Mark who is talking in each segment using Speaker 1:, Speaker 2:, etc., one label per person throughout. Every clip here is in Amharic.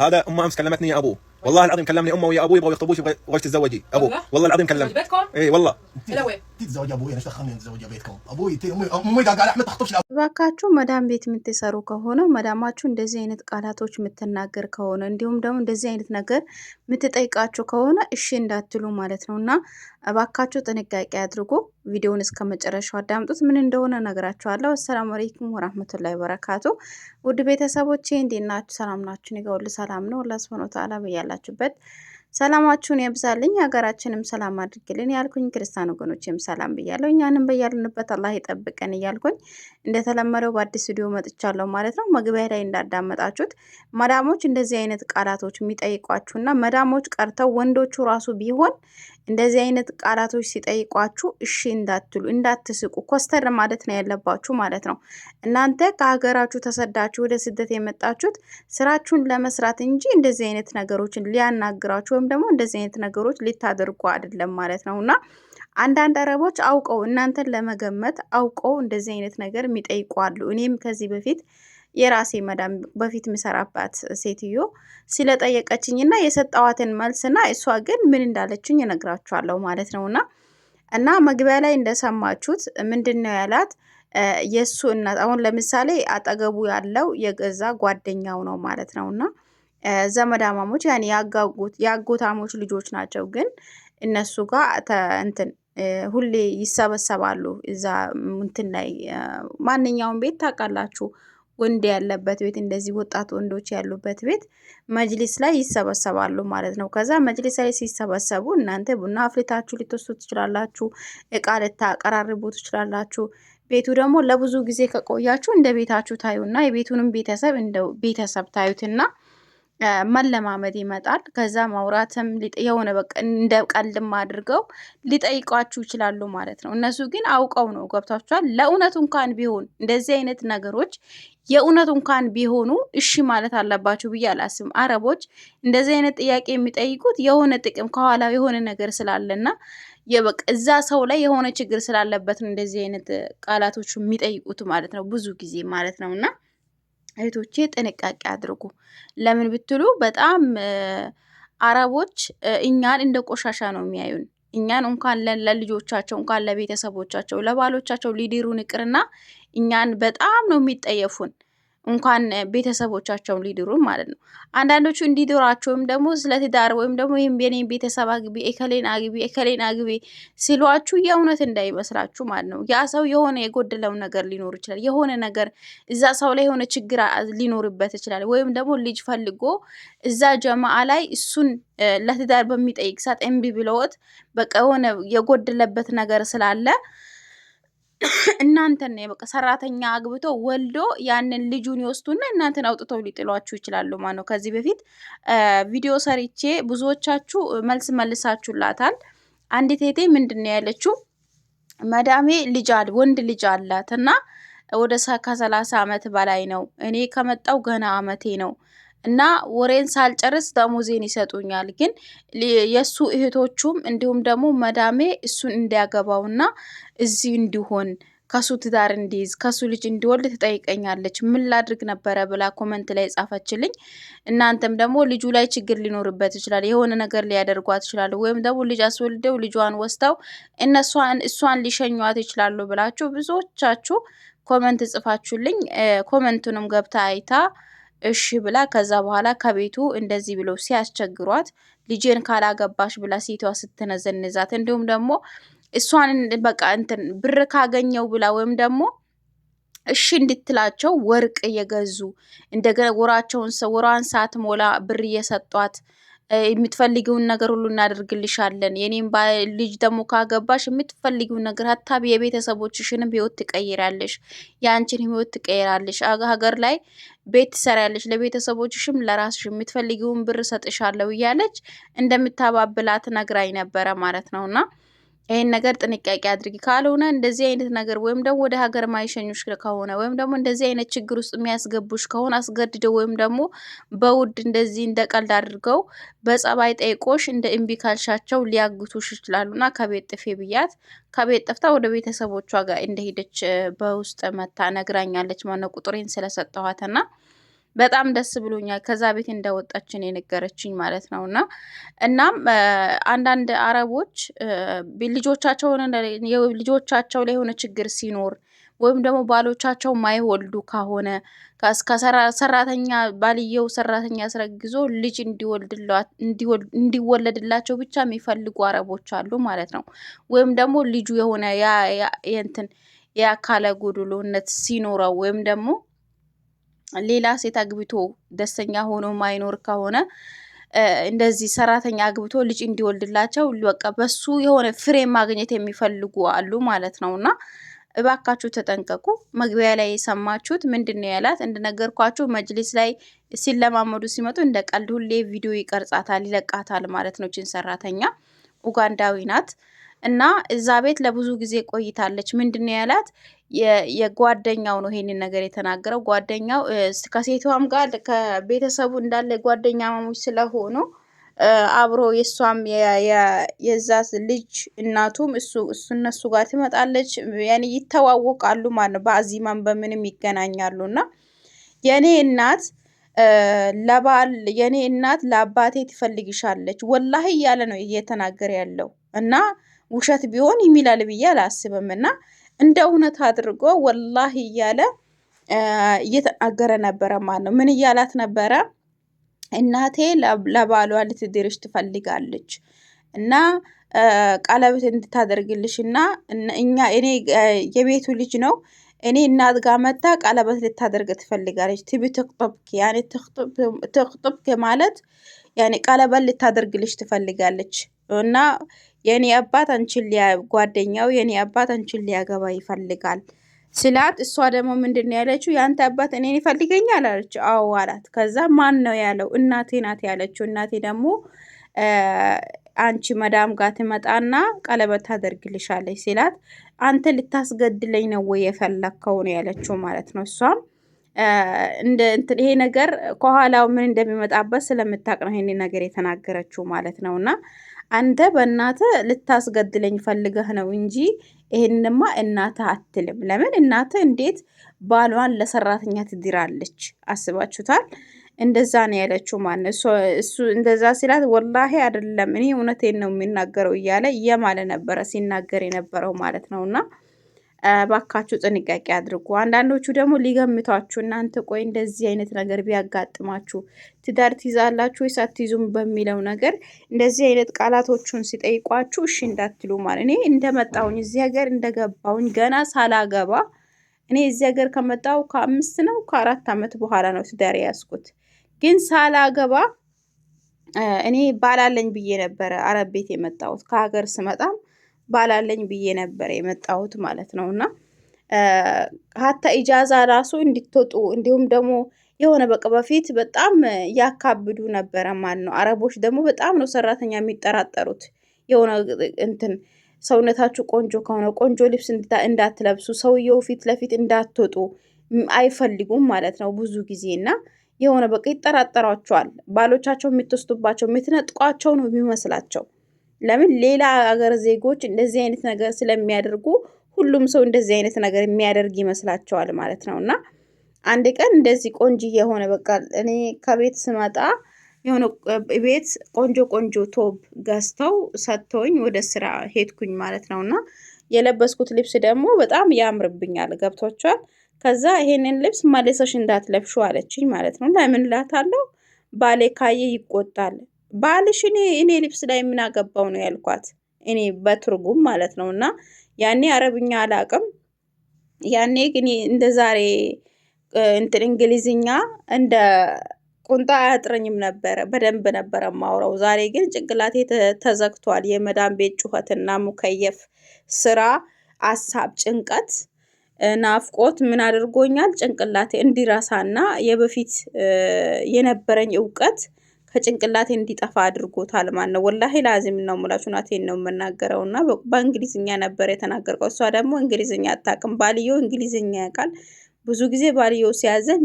Speaker 1: هذا امه امس كلمتني يا ابوه والله العظيم كلمني امه ويا ابوي يبغوا يخطبوش وبغيش تتزوجي ابوه والله العظيم كلمني
Speaker 2: اي والله ትትዘወጅ
Speaker 3: እባካችሁ መዳም ቤት የምትሰሩ ከሆነ መዳማችሁ እንደዚህ አይነት ቃላቶች የምትናገር ከሆነ እንዲሁም ደግሞ እንደዚህ አይነት ነገር የምትጠይቃችሁ ከሆነ እሺ እንዳትሉ ማለት ነው። እና እባካችሁ ጥንቃቄ አድርጎ ቪዲዮውን እስከ መጨረሻው አዳምጡት። ምን እንደሆነ ነግራችኋለሁ። አሰላሙ አለይኩም ወራህመቱላሂ ወበረካቱ። ውድ ቤተሰቦቼ እንዴት ናችሁ? ሰላም ናችሁ? እኔ ጋር ሁሉ ሰላም ነው። አላህ ሱብሃነሁ ወተዓላ በያላችሁበት ሰላማችሁን ያብዛልኝ፣ ሀገራችንም ሰላም አድርግልን ያልኩኝ ክርስቲያን ወገኖችም ሰላም ብያለሁ። እኛንም በያልንበት አላህ ይጠብቀን እያልኩኝ እንደተለመደው በአዲስ ቪዲዮ መጥቻለሁ ማለት ነው። መግቢያ ላይ እንዳዳመጣችሁት መዳሞች እንደዚህ አይነት ቃላቶች የሚጠይቋችሁና መዳሞች ቀርተው ወንዶቹ ራሱ ቢሆን እንደዚህ አይነት ቃላቶች ሲጠይቋችሁ እሺ እንዳትሉ፣ እንዳትስቁ፣ ኮስተር ማለት ነው ያለባችሁ ማለት ነው። እናንተ ከሀገራችሁ ተሰዳችሁ ወደ ስደት የመጣችሁት ስራችሁን ለመስራት እንጂ እንደዚህ አይነት ነገሮችን ሊያናግራችሁ ወይም ደግሞ እንደዚህ አይነት ነገሮች ሊታደርጉ አይደለም ማለት ነው እና አንዳንድ አረቦች አውቀው እናንተን ለመገመት አውቀው እንደዚህ አይነት ነገር የሚጠይቁ አሉ። እኔም ከዚህ በፊት የራሴ መዳም በፊት ምሰራባት ሴትዮ ስለጠየቀችኝ የሰጠዋትን መልስና እሷ ግን ምን እንዳለችኝ እነግራችኋለሁ ማለት ነውና እና መግቢያ ላይ እንደሰማችሁት ምንድን ነው ያላት የእሱ እናት አሁን ለምሳሌ አጠገቡ ያለው የገዛ ጓደኛው ነው ማለት ነው እና ዘመዳማሞች ያን የአጎታሞች ልጆች ናቸው። ግን እነሱ ጋር እንትን ሁሌ ይሰበሰባሉ። እዛ እንትን ላይ ማንኛውም ቤት ታውቃላችሁ፣ ወንድ ያለበት ቤት እንደዚህ ወጣት ወንዶች ያሉበት ቤት መጅሊስ ላይ ይሰበሰባሉ ማለት ነው። ከዛ መጅሊስ ላይ ሲሰበሰቡ እናንተ ቡና አፍልታችሁ ልትወስዱ ትችላላችሁ፣ እቃ ልታቀራርቡ ትችላላችሁ። ቤቱ ደግሞ ለብዙ ጊዜ ከቆያችሁ እንደ ቤታችሁ ታዩና የቤቱንም ቤተሰብ እንደ ቤተሰብ ታዩትና መለማመድ ይመጣል። ከዛ ማውራትም የሆነ በቃ እንደ ቀልድም አድርገው ሊጠይቋችሁ ይችላሉ ማለት ነው። እነሱ ግን አውቀው ነው ገብቷችኋል። ለእውነቱ እንኳን ቢሆን እንደዚህ አይነት ነገሮች የእውነቱ እንኳን ቢሆኑ እሺ ማለት አለባችሁ ብዬ አላስብም። አረቦች እንደዚህ አይነት ጥያቄ የሚጠይቁት የሆነ ጥቅም ከኋላ የሆነ ነገር ስላለና እዛ ሰው ላይ የሆነ ችግር ስላለበት እንደዚህ አይነት ቃላቶች የሚጠይቁት ማለት ነው ብዙ ጊዜ ማለት ነው እና እህቶቼ ጥንቃቄ አድርጉ። ለምን ብትሉ በጣም አረቦች እኛን እንደ ቆሻሻ ነው የሚያዩን። እኛን እንኳን ለልጆቻቸው እንኳን ለቤተሰቦቻቸው ለባሎቻቸው ሊድሩን ይቅርና እኛን በጣም ነው የሚጠየፉን። እንኳን ቤተሰቦቻቸውን ሊድሩ ማለት ነው። አንዳንዶቹ እንዲድሯቸውም ደግሞ ስለ ትዳር ወይም ደግሞ ይህም የኔን ቤተሰብ አግቢ፣ እከሌን አግቢ፣ እከሌን አግቢ ሲሏችሁ የእውነት እንዳይመስላችሁ ማለት ነው። ያ ሰው የሆነ የጎደለው ነገር ሊኖር ይችላል። የሆነ ነገር እዛ ሰው ላይ የሆነ ችግር ሊኖርበት ይችላል። ወይም ደግሞ ልጅ ፈልጎ እዛ ጀማአ ላይ እሱን ለትዳር በሚጠይቅ ሰዓት እምቢ ብለወት በቃ የሆነ የጎደለበት ነገር ስላለ እናንተን በቃ ሰራተኛ አግብቶ ወልዶ ያንን ልጁን ይወስዱና እናንተን አውጥተው ሊጥሏችሁ ይችላሉ ማለት ነው። ከዚህ በፊት ቪዲዮ ሰርቼ ብዙዎቻችሁ መልስ መልሳችሁላታል። አንዲት ቴቴ ምንድን ነው ያለችው? መዳሜ ልጅ ወንድ ልጅ አላት እና ወደ ከሰላሳ ዓመት በላይ ነው። እኔ ከመጣው ገና አመቴ ነው እና ወሬን ሳልጨርስ ደሞዜን ይሰጡኛል። ግን የእሱ እህቶቹም እንዲሁም ደግሞ መዳሜ እሱን እንዲያገባውና እዚህ እንዲሆን ከሱ ትዳር እንዲይዝ ከሱ ልጅ እንዲወልድ ትጠይቀኛለች። ምን ላድርግ ነበረ ብላ ኮመንት ላይ ጻፈችልኝ። እናንተም ደግሞ ልጁ ላይ ችግር ሊኖርበት ይችላል፣ የሆነ ነገር ሊያደርጓት ይችላሉ፣ ወይም ደግሞ ልጅ አስወልደው ልጇን ወስተው እነሷን እሷን ሊሸኟት ይችላሉ ብላችሁ ብዙዎቻችሁ ኮመንት ጽፋችሁልኝ ኮመንቱንም ገብታ አይታ እሺ ብላ ከዛ በኋላ ከቤቱ እንደዚህ ብለው ሲያስቸግሯት ልጄን ካላገባሽ ብላ ሴቷ ስትነዘንዛት፣ እንዲሁም ደግሞ እሷን በቃ እንትን ብር ካገኘው ብላ ወይም ደግሞ እሺ እንድትላቸው ወርቅ እየገዙ እንደገና ወራቸውን ወሯን ሰዓት ሞላ ብር እየሰጧት የምትፈልጊውን ነገር ሁሉ እናደርግልሻለን፣ የኔም ልጅ ደግሞ ካገባሽ የምትፈልጊውን ነገር ሀታብ የቤተሰቦችሽንም ህይወት ትቀይራለሽ፣ የአንችን ህይወት ትቀይራለሽ ሀገር ላይ ቤት ትሰሪያለሽ፣ ለቤተሰቦችሽም ለራስሽ የምትፈልጊውን ብር ሰጥሻለሁ እያለች እንደምታባብላት ነግራኝ ነበረ ማለት ነው እና ይህን ነገር ጥንቃቄ አድርጊ። ካልሆነ እንደዚህ አይነት ነገር ወይም ደግሞ ወደ ሀገር ማይሸኙሽ ከሆነ ወይም ደግሞ እንደዚህ አይነት ችግር ውስጥ የሚያስገቡሽ ከሆነ አስገድደው ወይም ደግሞ በውድ እንደዚህ እንደ ቀልድ አድርገው በጸባይ ጠይቆሽ እንደ እምቢ ካልሻቸው ሊያግቱሽ ይችላሉና ከቤት ጥፌ ብያት ከቤት ጠፍታ ወደ ቤተሰቦቿ ጋር እንደሄደች በውስጥ መታ ነግራኛለች። ማነው ቁጥሬን ስለሰጠኋትና በጣም ደስ ብሎኛል። ከዛ ቤት እንደወጣችን የነገረችኝ ማለት ነው። እና እናም አንዳንድ አረቦች ልጆቻቸውን ልጆቻቸው ላይ የሆነ ችግር ሲኖር ወይም ደግሞ ባሎቻቸው ማይወልዱ ከሆነ ሰራተኛ ባልየው ሰራተኛ አስረግዞ ልጅ እንዲወለድላቸው ብቻ የሚፈልጉ አረቦች አሉ ማለት ነው። ወይም ደግሞ ልጁ የሆነ የእንትን የአካለ ጎድሎነት ሲኖረው ወይም ደግሞ ሌላ ሴት አግብቶ ደስተኛ ሆኖ ማይኖር ከሆነ እንደዚህ ሰራተኛ አግብቶ ልጅ እንዲወልድላቸው በቃ በሱ የሆነ ፍሬ ማግኘት የሚፈልጉ አሉ ማለት ነው። እና እባካችሁ ተጠንቀቁ። መግቢያ ላይ የሰማችሁት ምንድን ነው ያላት? እንደነገርኳችሁ መጅሊስ ላይ ሲለማመዱ ሲመጡ እንደ ቀልድ ሁሌ ቪዲዮ ይቀርጻታል፣ ይለቃታል ማለት ነው። ችን ሰራተኛ ኡጋንዳዊ ናት እና እዛ ቤት ለብዙ ጊዜ ቆይታለች። ምንድን ነው ያላት? የጓደኛው ነው ይሄንን ነገር የተናገረው። ጓደኛው ከሴቷም ጋር ከቤተሰቡ እንዳለ ጓደኛ ማሞች ስለሆኑ አብሮ የእሷም የዛ ልጅ እናቱም እሱ እሱ እነሱ ጋር ትመጣለች። ያኔ ይተዋወቃሉ ማለት ነው። በአዚማን በምንም ይገናኛሉ እና የእኔ እናት ለባል የእኔ እናት ለአባቴ ትፈልግሻለች ወላህ እያለ ነው እየተናገረ ያለው እና ውሸት ቢሆን የሚላል ብዬ አላስብም እና እንደ እውነት አድርጎ ወላሂ እያለ እየተናገረ ነበረ ማለት ነው። ምን እያላት ነበረ? እናቴ ለባሏ ልትድርሽ ትፈልጋለች እና ቀለበት እንድታደርግልሽ እና እኛ እኔ የቤቱ ልጅ ነው እኔ እናት ጋር መታ ቀለበት ልታደርግ ትፈልጋለች። ትቢ ትክጥብክ ያኔ ትክጥብክ ማለት ያኔ ቀለበት ልታደርግልሽ ትፈልጋለች እና የኔ አባት አንቺን ሊያ ጓደኛው የኔ አባት አንቺን ሊያገባ ይፈልጋል ስላት፣ እሷ ደግሞ ምንድን ነው ያለችው? የአንተ አባት እኔን ይፈልገኛል አለችው። አዎ አላት። ከዛ ማን ነው ያለው? እናቴ ናት ያለችው። እናቴ ደግሞ አንቺ መዳም ጋር ትመጣና ቀለበት ታደርግልሻለች ሲላት፣ አንተ ልታስገድለኝ ነው ወይ የፈለግከው ነው ያለችው ማለት ነው። እሷም ይሄ ነገር ከኋላው ምን እንደሚመጣበት ስለምታቅ ነው ይሄን ነገር የተናገረችው ማለት ነው እና አንተ በእናተ ልታስገድለኝ ፈልገህ ነው እንጂ ይህንንማ እናተ አትልም። ለምን እናተ እንዴት ባሏን ለሰራተኛ ትድራለች? አስባችሁታል? እንደዛ ነው ያለችው። ማን እሱ እንደዛ ሲላት ወላሂ አይደለም እኔ እውነቴን ነው የሚናገረው እያለ እየማለ ነበረ ሲናገር የነበረው ማለት ነውና ባካችሁ ጥንቃቄ አድርጉ። አንዳንዶቹ ደግሞ ሊገምቷችሁ እናንተ ቆይ እንደዚህ አይነት ነገር ቢያጋጥማችሁ ትዳር ትይዛላችሁ ወይስ አትይዙም በሚለው ነገር እንደዚህ አይነት ቃላቶቹን ሲጠይቋችሁ እሺ እንዳትሉ ማለት እኔ እንደመጣውኝ እዚህ ሀገር እንደገባውኝ ገና ሳላገባ እኔ እዚህ ሀገር ከመጣው ከአምስት ነው ከአራት ዓመት በኋላ ነው ትዳር ያስኩት። ግን ሳላገባ እኔ ባላለኝ ብዬ ነበረ አረብ ቤት የመጣሁት ከሀገር ስመጣም ባላለኝ ብዬ ነበር የመጣሁት ማለት ነው። እና ሀታ ኢጃዛ ራሱ እንድትወጡ እንዲሁም ደግሞ የሆነ በቃ በፊት በጣም ያካብዱ ነበረ ማለት ነው። አረቦች ደግሞ በጣም ነው ሰራተኛ የሚጠራጠሩት። የሆነ እንትን ሰውነታችሁ ቆንጆ ከሆነ ቆንጆ ልብስ እንዳትለብሱ፣ ሰውየው ፊት ለፊት እንዳትወጡ አይፈልጉም ማለት ነው ብዙ ጊዜ እና የሆነ በቃ ይጠራጠሯቸዋል። ባሎቻቸው የምትወስዱባቸው የምትነጥቋቸው ነው የሚመስላቸው። ለምን ሌላ አገር ዜጎች እንደዚህ አይነት ነገር ስለሚያደርጉ ሁሉም ሰው እንደዚህ አይነት ነገር የሚያደርግ ይመስላቸዋል ማለት ነው። እና አንድ ቀን እንደዚህ ቆንጆ የሆነ በቃ እኔ ከቤት ስመጣ የሆነ ቤት ቆንጆ ቆንጆ ቶብ ገዝተው ሰጥተውኝ ወደ ስራ ሄድኩኝ ማለት ነው። እና የለበስኩት ልብስ ደግሞ በጣም ያምርብኛል፣ ገብቷቸዋል። ከዛ ይሄንን ልብስ መልሰሽ እንዳትለብሹ አለችኝ ማለት ነው። ለምን እላታለሁ፣ ባሌ ካየ ይቆጣል። ባልሽ እኔ እኔ ልብስ ላይ የምናገባው ነው ያልኳት እኔ በትርጉም ማለት ነው። እና ያኔ አረብኛ አላቅም። ያኔ ግን እንደ ዛሬ እንትን እንግሊዝኛ እንደ ቁንጣ አያጥረኝም ነበረ። በደንብ ነበረ ማውራው። ዛሬ ግን ጭንቅላቴ ተዘግቷል። የመዳን ቤት ጩኸትና ሙከየፍ ስራ፣ አሳብ፣ ጭንቀት፣ ናፍቆት ምን አድርጎኛል? ጭንቅላቴ እንዲረሳና የበፊት የነበረኝ እውቀት ከጭንቅላቴ እንዲጠፋ አድርጎታል ማለት ነው። ወላሂ ላዚም ነው ሙላችሁ ናቴን ነው የምናገረው እና በእንግሊዝኛ ነበር የተናገርከው። እሷ ደግሞ እንግሊዝኛ አታውቅም። ባልየው እንግሊዝኛ ያውቃል። ብዙ ጊዜ ባልየው ሲያዘኝ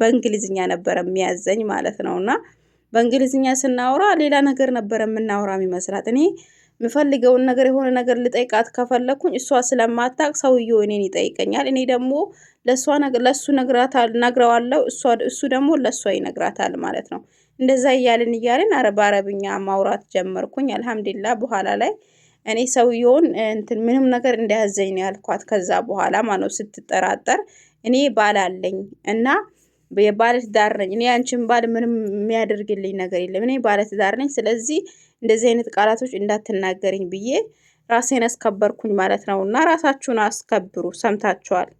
Speaker 3: በእንግሊዝኛ ነበር የሚያዘኝ ማለት ነው እና በእንግሊዝኛ ስናወራ ሌላ ነገር ነበር የምናወራ የሚመስላት። እኔ የምፈልገውን ነገር የሆነ ነገር ልጠይቃት ከፈለኩኝ እሷ ስለማታቅ ሰውየው እኔን ይጠይቀኛል። እኔ ደግሞ ለእሱ ነግረዋለው፣ እሱ ደግሞ ለእሷ ይነግራታል ማለት ነው። እንደዛ እያልን እያልን በአረብኛ ማውራት ጀመርኩኝ። አልሐምዱሊላ በኋላ ላይ እኔ ሰውየውን እንትን ምንም ነገር እንዳያዘኝ ነው ያልኳት። ከዛ በኋላ ማነው ስትጠራጠር እኔ ባል አለኝ እና የባለትዳር ነኝ። እኔ አንቺን ባል ምንም የሚያደርግልኝ ነገር የለም። እኔ ባለትዳር ነኝ። ስለዚህ እንደዚህ አይነት ቃላቶች እንዳትናገርኝ ብዬ ራሴን አስከበርኩኝ ማለት ነው። እና ራሳችሁን አስከብሩ። ሰምታችኋል።